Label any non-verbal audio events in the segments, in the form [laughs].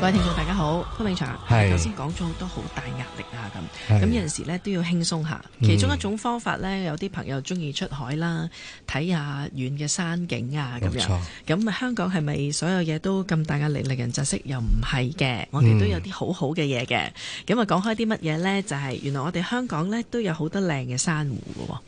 各位聽眾大家好，潘永祥，係、啊，頭先講咗好多好大壓力啊，咁是，咁有陣時咧都要輕鬆下，嗯、其中一種方法咧，有啲朋友中意出海啦，睇下遠嘅山景啊，咁樣，咁啊錯香港係咪所有嘢都咁大壓力，令人窒息？又唔係嘅，我哋都有啲好好嘅嘢嘅，咁啊講開啲乜嘢咧，就係、是、原來我哋香港咧都有好多靚嘅珊瑚噶，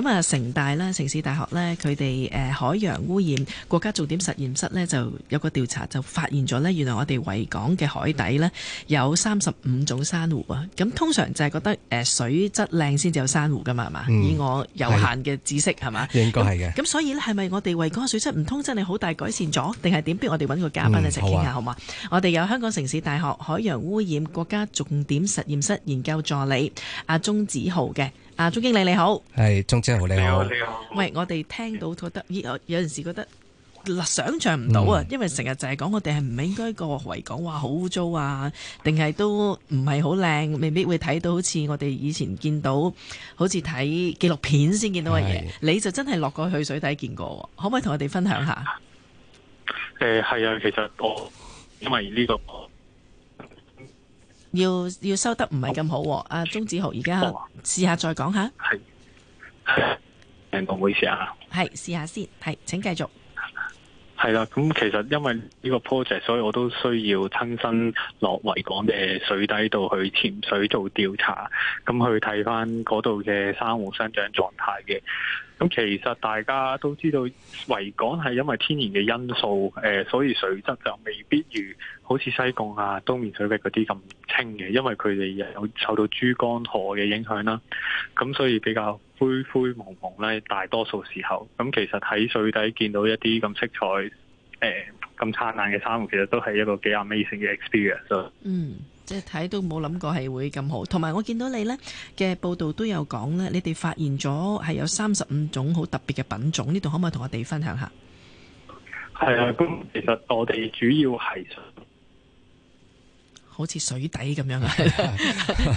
咁啊、呃、城大啦，城市大學咧，佢哋誒海洋污染國家重點實驗室咧就有個調查就發現咗咧，原來我哋維講嘅海底呢，有三十五種珊瑚啊，咁通常就係覺得誒、呃、水質靚先至有珊瑚噶嘛，係嘛、嗯？以我有限嘅知識係嘛？是吧應該係嘅。咁所以呢，係咪我哋維港嘅水質唔通真係好大改善咗，定係點？不如我哋揾個嘉賓、嗯、一齊傾下好嘛、啊？我哋有香港城市大學海洋污染國家重點實驗室研究助理阿鍾、啊、子浩嘅，阿、啊、鍾經理你好，係鍾子浩你好，你好，你好喂，我哋聽到覺得有有陣時覺得。想象唔到啊！因為成日就係講我哋係唔係應該個維港話好污糟啊，定係都唔係好靚，未必會睇到好似我哋以前見到，好似睇紀錄片先見到嘅嘢。的你就真係落過去水底見過，可唔可以同我哋分享下？誒，係啊，其實我因為呢個要要收得唔係咁好。阿鍾子浩而家試下再講下，係誒，唔好意思啊，係試下先，係請繼續。係啦，咁、嗯、其實因為呢個 project，所以我都需要親身落維港嘅水底度去潛水做調查，咁、嗯、去睇翻嗰度嘅珊瑚生長狀態嘅。咁、嗯、其實大家都知道，維港係因為天然嘅因素，誒、呃，所以水質就未必如好似西貢啊、東面水域嗰啲咁清嘅，因為佢哋又有受到珠江河嘅影響啦。咁所以比較灰灰蒙蒙咧，大多數時候，咁其實喺水底見到一啲咁色彩誒咁、呃、燦爛嘅珊瑚，其實都係一個幾 amazing 嘅 experience。嗯。即係睇都冇諗過係會咁好，同埋我見到你呢嘅報道都有講呢，你哋發現咗係有三十五種好特別嘅品種，呢度可唔可以同我哋分享下？係啊，咁其實我哋主要係，好似水底咁樣啊，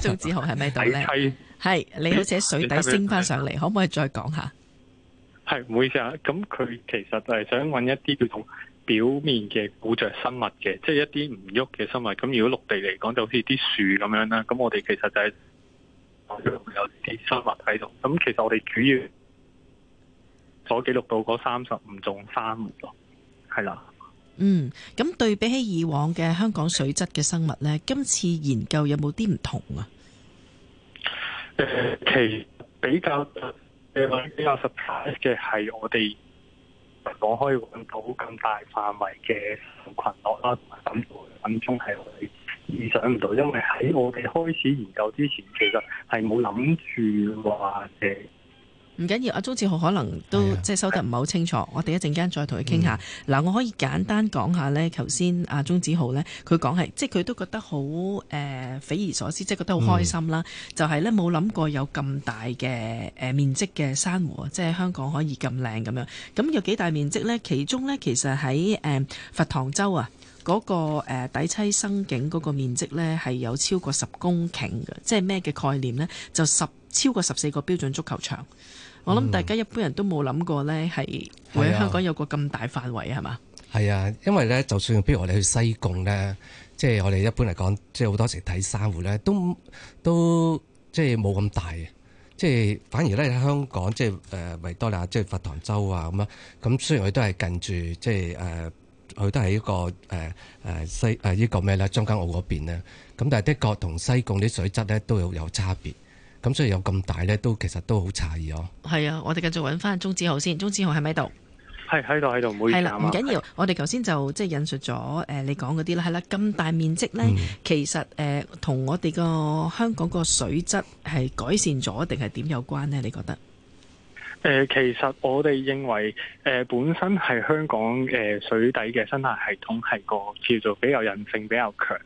鍾 [laughs] [laughs] 子浩係咪到咧？係係 [laughs] 你好似喺水底升翻上嚟，可唔可以再講下？係，唔好意思啊，咁佢其實就係想揾一啲叫做。表面嘅固著生物嘅，即係一啲唔喐嘅生物。咁如果陸地嚟講，就好似啲樹咁樣啦。咁我哋其實就係有啲生物喺度。咁其實我哋主要所記錄到嗰三十五種生物咯，係啦。嗯，咁對比起以往嘅香港水質嘅生物咧，今次研究有冇啲唔同啊？誒，其實比較誒比較 surprise 嘅係我哋。我可以揾到更大範圍嘅群落啦，同埋咁，暗中係我哋意想唔到，因為喺我哋開始研究之前，其實係冇諗住話誒。唔緊要，阿鍾子浩可能都、哎、呀即係收得唔係好清楚， [coughs] 我哋一陣間再同佢傾下。嗱、嗯，我可以簡單講下呢。頭先阿鍾子浩呢，佢講係即係佢都覺得好誒、呃、匪夷所思，即係覺得好開心啦。嗯、就係呢，冇諗過有咁大嘅誒、呃、面積嘅珊瑚，即係香港可以咁靚咁樣。咁有幾大面積呢？其中呢，其實喺誒、呃、佛堂洲啊嗰、那個、呃、底棲生境嗰個面積呢，係有超過十公頃嘅，即係咩嘅概念呢？就十。超過十四個標準足球場，嗯、我諗大家一般人都冇諗過咧，係會喺香港有個咁大範圍係嘛？係啊，吧啊，因為呢就算譬如我哋去西貢呢，即、就、係、是、我哋一般嚟講，即係好多時睇珊瑚呢，都都即係冇咁大嘅。即係反而呢喺香港即係誒維多利亞，即係佛堂洲啊咁樣。咁雖然佢都係近住，即係誒，佢、呃、都係一個誒誒、呃、西誒依、呃這個咩呢？中間澳嗰邊咧。咁但係的確同西貢啲水，水質呢都有有差別。咁所以有咁大咧，都其實都好詫異哦。係啊，我哋繼續揾返鍾子浩先。鍾子浩喺咪度？係喺度喺度。唔好意思。啊的！嗎係啦，唔緊要。我哋頭先就即係引述咗誒你講嗰啲啦。係啦，咁大面積咧，嗯、其實誒同、呃、我哋個香港個水質係改善咗定係點有關呢？你覺得？誒、呃，其實我哋認為誒、呃、本身係香港嘅水底嘅生態系統係個叫做比較韌性比較強，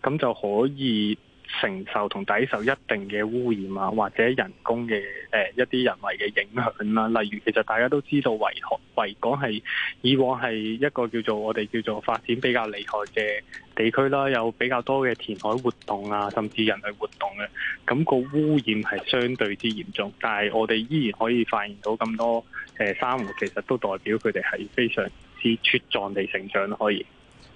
咁就可以承受同抵受一定嘅污染啊，或者人工嘅誒、呃、一啲人為嘅影響啦、啊。例如，其實大家都知道，維港係以往係一個叫做我哋叫做發展比較厲害嘅地區啦、啊，有比較多嘅填海活動啊，甚至人類活動嘅。咁、嗯那個污染係相對之嚴重，但係我哋依然可以發現到咁多誒、呃、珊瑚，其實都代表佢哋係非常之茁壯地成長可以。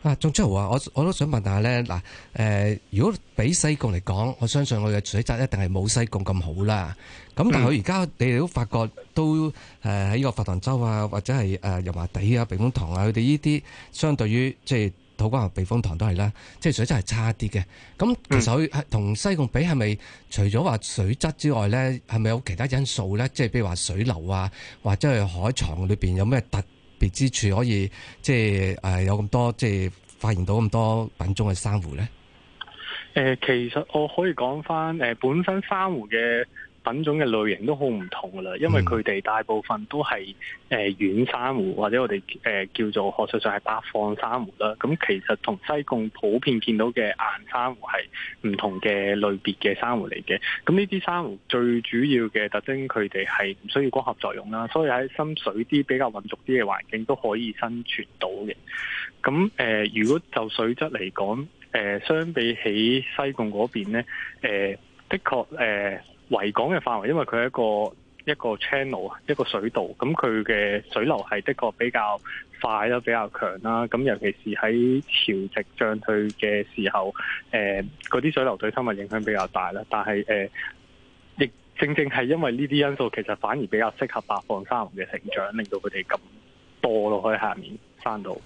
啊，鍾子浩啊，我我都想問下咧，嗱，誒，如果比西貢嚟講，我相信佢嘅水質一定係冇西貢咁好啦。咁但係佢而家你哋都發覺都誒喺、呃這個佛堂洲啊，或者係誒、呃、油麻地啊、避風塘啊，佢哋呢啲相對於即係土瓜灣避風塘都係啦，即係水質係差啲嘅。咁其實佢同西貢比係咪除咗話水質之外咧，係咪有其他因素咧？即係譬如話水流啊，或者係海床裏邊有咩特。別之處可以即係誒有咁多即係發現到咁多品種嘅珊瑚咧？誒、呃，其實我可以講返誒本身珊瑚嘅品種嘅類型都好唔同噶啦，因為佢哋大部分都係誒軟珊瑚，或者我哋誒叫做學術上係八放珊瑚啦。咁其實同西貢普遍見到嘅硬珊瑚係唔同嘅類別嘅珊瑚嚟嘅。咁呢啲珊瑚最主要嘅特徵，佢哋係唔需要光合作用啦，所以喺深水啲、比較混濁啲嘅環境都可以生存到嘅。咁、嗯、誒，如果就水質嚟講，誒相比起西貢嗰邊咧，誒的確誒。維港嘅範圍，因為佢係一個一個 channel，一個水道，咁佢嘅水流係的確比較快啦，比較強啦，咁尤其是喺潮汐漲退嘅時候，誒嗰啲水流對生物影響比較大啦。但係誒，亦、呃、正正係因為呢啲因素，其實反而比較適合白飯珊瑚嘅成長，令到佢哋咁多落去下面山度。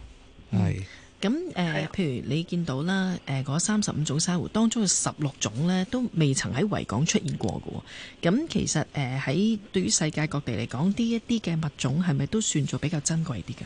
係。咁誒、呃，譬如你見到啦，誒嗰三十五種珊瑚當中嘅十六種咧，都未曾喺維港出現過㗎喎。咁其實誒喺、呃、對於世界各地嚟講，呢一啲嘅物種係咪都算做比較珍貴啲㗎？誒、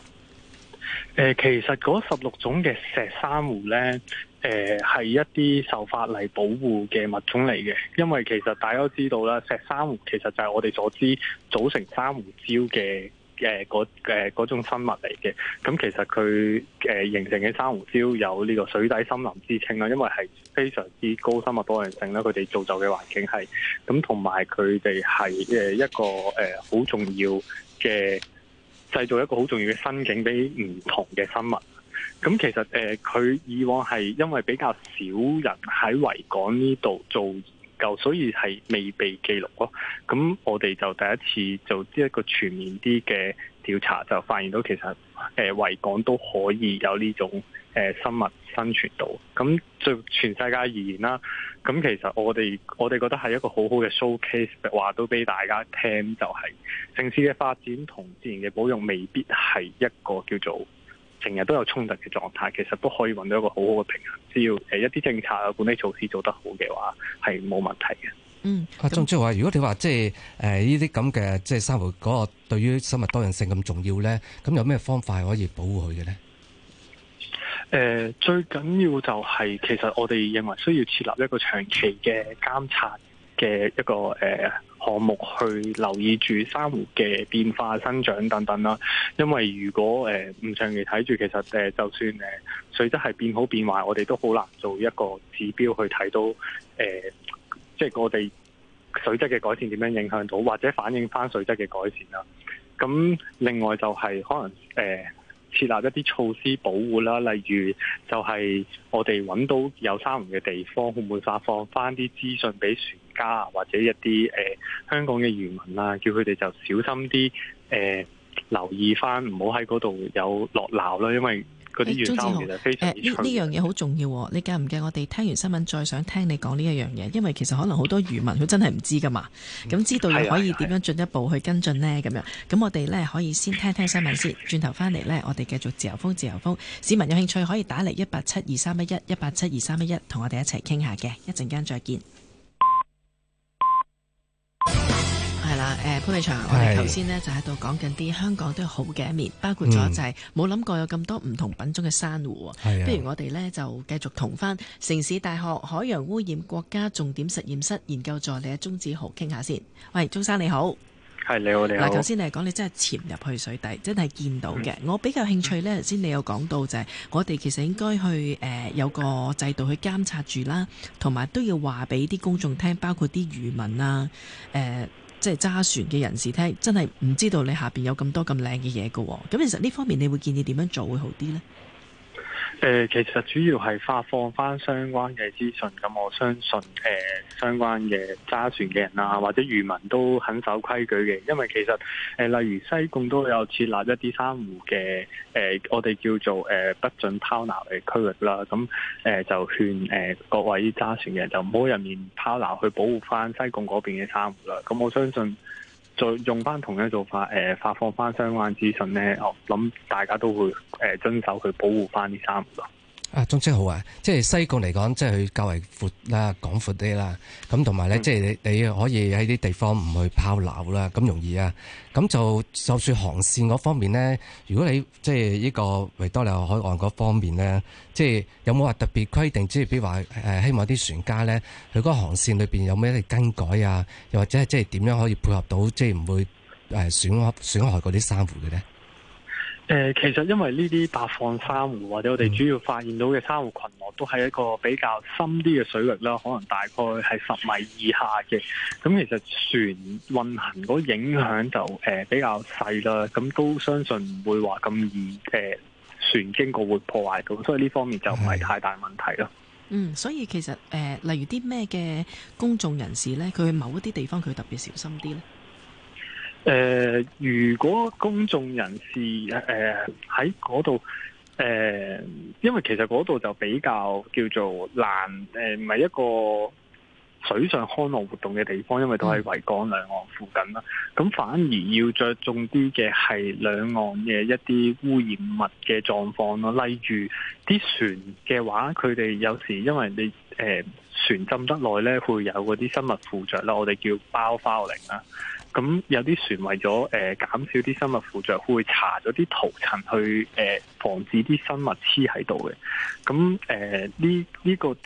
呃，其實嗰十六種嘅石珊瑚咧，誒、呃、係一啲受法例保護嘅物種嚟嘅，因為其實大家都知道啦，石珊瑚其實就係我哋所知組成珊瑚礁嘅嘅嗰嘅嗰種生物嚟嘅，咁、嗯、其實佢誒、呃、形成嘅珊瑚礁有呢個水底森林之稱啦，因為係非常之高生物多樣性啦，佢哋造就嘅環境係，咁、嗯，同埋佢哋係誒一個誒好、呃、重要嘅製造一個好重要嘅生境俾唔同嘅生物。咁、嗯、其實誒佢、呃、以往係因為比較少人喺維港呢度做。夠，所以係未被記錄咯。咁我哋就第一次做一個全面啲嘅調查，就發現到其實誒維港都可以有呢種誒生物生存到。咁對全世界而言啦，咁其實我哋我哋覺得係一個好好嘅 showcase，話到俾大家聽，就係，就係城市嘅發展同自然嘅保育未必係一個叫做，成日都有衝突嘅狀態，其實都可以搵到一個好好嘅平衡。只要誒一啲政策啊、管理措施做得好嘅話，係冇問題嘅。嗯，阿鐘，即係話，如果你話即係誒呢啲咁嘅即係生活嗰個對於生物多樣性咁重要咧，咁有咩方法可以保護佢嘅咧？誒、呃，最緊要就係、是、其實我哋認為需要設立一個長期嘅監察嘅一個誒。呃呃項目去留意住珊瑚嘅變化、生長等等啦，因為如果誒唔長期睇住，其實誒就算誒水質係變好變壞，我哋都好難做一個指標去睇到誒，即係我哋水質嘅改善點樣影響到，或者反映翻水質嘅改善啦。咁另外就係可能誒。呃設立一啲措施保護啦，例如就係我哋揾到有珊瑚嘅地方，會唔會發放翻啲資訊俾船家或者一啲誒、呃、香港嘅漁民啊，叫佢哋就小心啲誒、呃、留意翻，唔好喺嗰度有落錨啦，因為。鍾子浩，呢呢樣嘢好重要喎、啊！嗯、你介唔介？我哋聽完新聞再想聽你講呢一樣嘢，因為其實可能好多漁民佢真係唔知㗎嘛。咁知道又可以點樣進一步去跟進呢？咁樣，咁我哋咧可以先聽聽新聞先，轉頭返嚟咧，我哋繼續自由風自由風。市民有興趣可以打嚟一八七二三一一一八七二三一一同我哋一齊傾下嘅，一陣間再見。誒潘偉祥，我哋頭先呢是就喺度講緊啲香港都有好嘅一面，包括咗就係冇諗過有咁多唔同品種嘅珊瑚。嗯、不如我哋呢就繼續同翻城市大學海洋污染國家重點實驗室研究助理嘅鍾子浩傾下先。喂，鍾生你好，係你好你好。嗱，頭先你講你真係潛入去水底，真係見到嘅。嗯、我比較興趣呢，頭先你有講到就係、是、我哋其實應該去誒、呃、有個制度去監察住啦，同埋都要話俾啲公眾聽，包括啲漁民啊誒。呃呃即係揸船嘅人士聽，真係唔知道你下邊有咁多咁靚嘅嘢嘅喎。咁其實呢方面，你會建議點樣做會好啲呢？誒、呃，其實主要係發放翻相關嘅資訊，咁我相信誒、呃，相關嘅揸船嘅人啊，或者漁民都很守規矩嘅，因為其實誒、呃，例如西貢都有設立一啲珊瑚嘅誒、呃，我哋叫做誒、呃、不准拋錨嘅區域啦，咁誒、呃、就勸誒、呃、各位揸船嘅人就唔好入面拋錨，去保護翻西貢嗰邊嘅珊瑚啦，咁我相信。再用翻同樣做法，誒、呃、發放翻相關資訊咧，我諗大家都會誒、呃、遵守去保護翻啲珊瑚。啊，鍾子浩啊！即係西貢嚟講，即係佢較為闊、啊、啦、廣闊啲啦。咁同埋咧，即係你你可以喺啲地方唔去拋錨啦，咁容易啊！咁就就算航線嗰方面咧，如果你即係呢個維多利亞海岸嗰方面咧，即係有冇話特別規定，即係比如話誒、呃，希望啲船家咧，佢嗰個航線裏邊有咩更改啊？又或者係即係點樣可以配合到即係唔會誒、呃、損害損害嗰啲珊瑚嘅咧？誒，其實因為呢啲八放珊瑚或者我哋主要發現到嘅珊瑚群落，都係一個比較深啲嘅水域啦，可能大概係十米以下嘅。咁其實船運行嗰影響就誒比較細啦。咁都相信唔會話咁易誒，船經過會破壞到，所以呢方面就唔係太大問題咯。嗯，所以其實誒、呃，例如啲咩嘅公眾人士咧，佢某一啲地方，佢特別小心啲咧。誒、呃，如果公眾人士誒喺嗰度，誒、呃呃，因為其實嗰度就比較叫做難誒，唔、呃、係一個水上康樂活動嘅地方，因為都喺維港兩岸附近啦。咁反而要着重啲嘅係兩岸嘅一啲污染物嘅狀況咯。例如啲船嘅話，佢哋有時因為你誒、呃、船浸得耐咧，會有嗰啲生物附着啦，我哋叫包花零啦。咁、嗯、有啲船為咗誒減少啲生物附着，會搽咗啲塗層去誒、呃、防止啲生物黐喺度嘅。咁誒呢呢個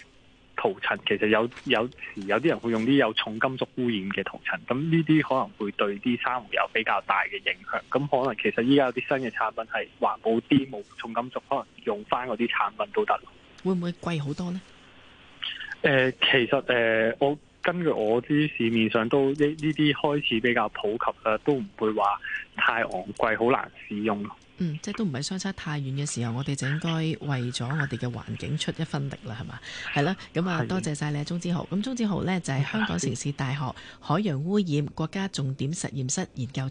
塗層其實有有時有啲人會用啲有重金屬污染嘅塗層。咁呢啲可能會對啲珊瑚有比較大嘅影響。咁、嗯、可能其實依家有啲新嘅產品係環保啲冇重金屬，可能用翻嗰啲產品都得。會唔會貴好多呢？誒、呃，其實誒、呃、我。根據我知市面上都呢呢啲開始比較普及啦，都唔會話太昂貴，好難使用咯。嗯，即係都唔係相差太遠嘅時候，我哋就應該為咗我哋嘅環境出一分力啦，係嘛？係啦遠，咁啊吧，多謝晒你，鍾子浩。咁鍾子浩咧就係、是、香港城市大學海洋污染國家重點實驗室研究。